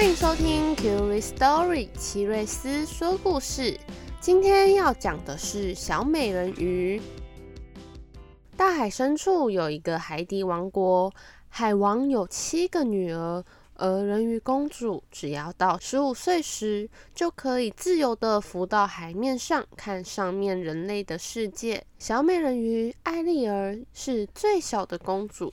歡迎收聽《Curious Story》奇瑞斯說故事。今天要講的是小美人魚。大海深處有一個海底王國，海王有七個女兒，而人魚公主只要到十五歲時，就可以自由地浮到海面上看上面人類的世界。小美人魚艾麗兒是最小的公主。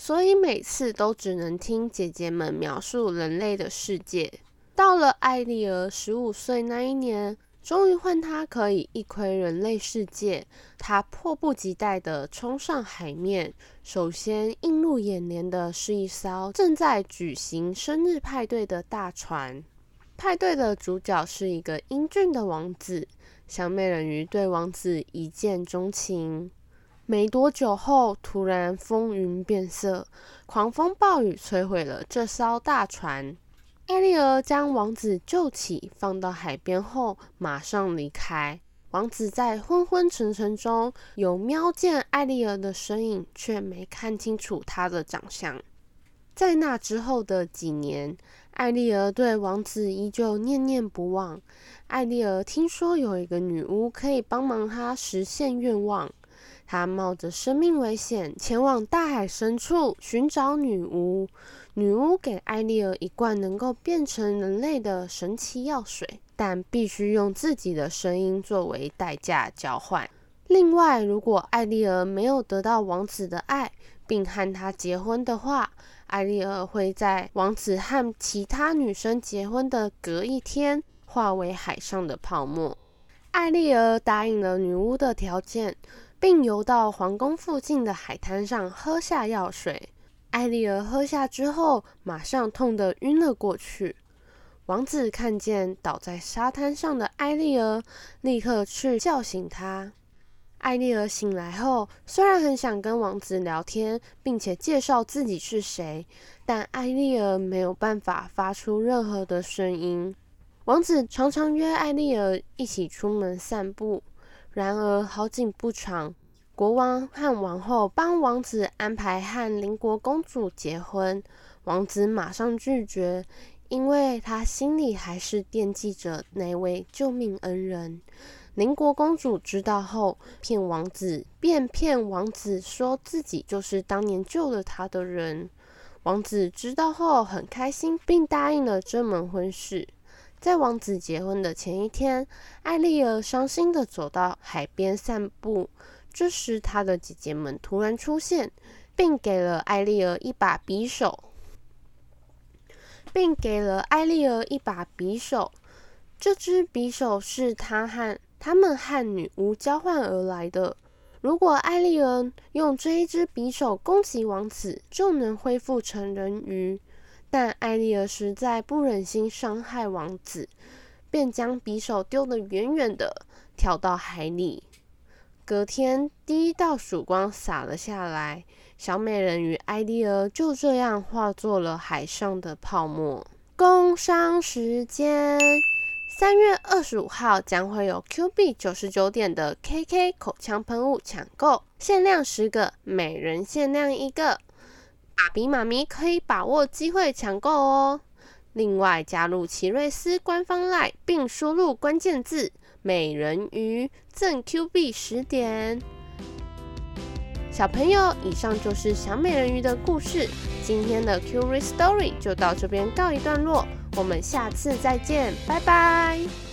所以每次都只能聽姐姐們描述人類的世界。到了艾莉兒十五歲那一年，終於換她可以一窺人類世界。她迫不及待地衝上海面，首先映入眼簾的是一艘正在舉行生日派對的大船。派對的主角是一個英俊的王子，小美人魚對王子一見鍾情。沒多久後，突然風雲變色，狂風暴雨摧毀了這艘大船。艾莉兒將王子救起，放到海邊後，馬上離開。王子在昏昏沉沉中，有瞄見艾莉兒的身影，卻沒看清楚她的長相。在那之後的幾年，艾莉兒對王子依舊念念不忘。艾莉兒聽說有一個女巫可以幫忙她實現願望。他冒着生命危險前往大海深處尋找女巫。女巫給艾莉兒一罐能夠變成人類的神奇藥水，但必須用自己的聲音作為代價交換。另外，如果艾莉兒沒有得到王子的愛，並和他結婚的話，艾莉兒會在王子和其他女生結婚的隔一天化為海上的泡沫。艾莉兒答應了女巫的條件。並游到皇宮附近的海灘上，喝下藥水。艾莉兒喝下之後，馬上痛得暈了過去。王子看見倒在沙灘上的艾莉兒，立刻去叫醒她。艾莉兒醒來後，雖然很想跟王子聊天，並且介紹自己是誰，但艾莉兒沒有辦法發出任何的聲音。王子常常約艾莉兒一起出門散步。然而好景不長，國王和王后幫王子安排和鄰國公主結婚，王子馬上拒絕，因為他心裡還是惦記着那位救命恩人。鄰國公主知道後，騙王子，便騙王子說自己就是當年救了他的人。王子知道後很開心，並答應了這門婚事。在王子結婚的前一天，艾莉兒傷心地走到海邊散步。這時，他的姐姐們突然出現，並給了艾莉兒一把匕首，並給了艾莉兒一把匕首。這支匕首是他和他們和女巫交換而來的。如果艾莉兒用這一只匕首攻擊王子，就能恢復成人魚。但艾莉兒實在不忍心傷害王子，便將匕首丟得遠遠的，跳到海裡。隔天，第一道曙光灑了下來，小美人魚艾莉兒就這樣化作了海上的泡沫。工商時間，三月二十五號將會有 Q 幣九十九點的 KK 口腔噴霧搶購，限量十個，每人限量一個。爸比媽咪可以把握機會搶購哦！另外加入奇瑞斯官方 Line，並輸入關鍵字“美人魚”贈 Q 幣十點。小朋友，以上就是小美人魚的故事，今天的奇瑞斯 Story 就到這邊告一段落，我們下次再見，拜拜。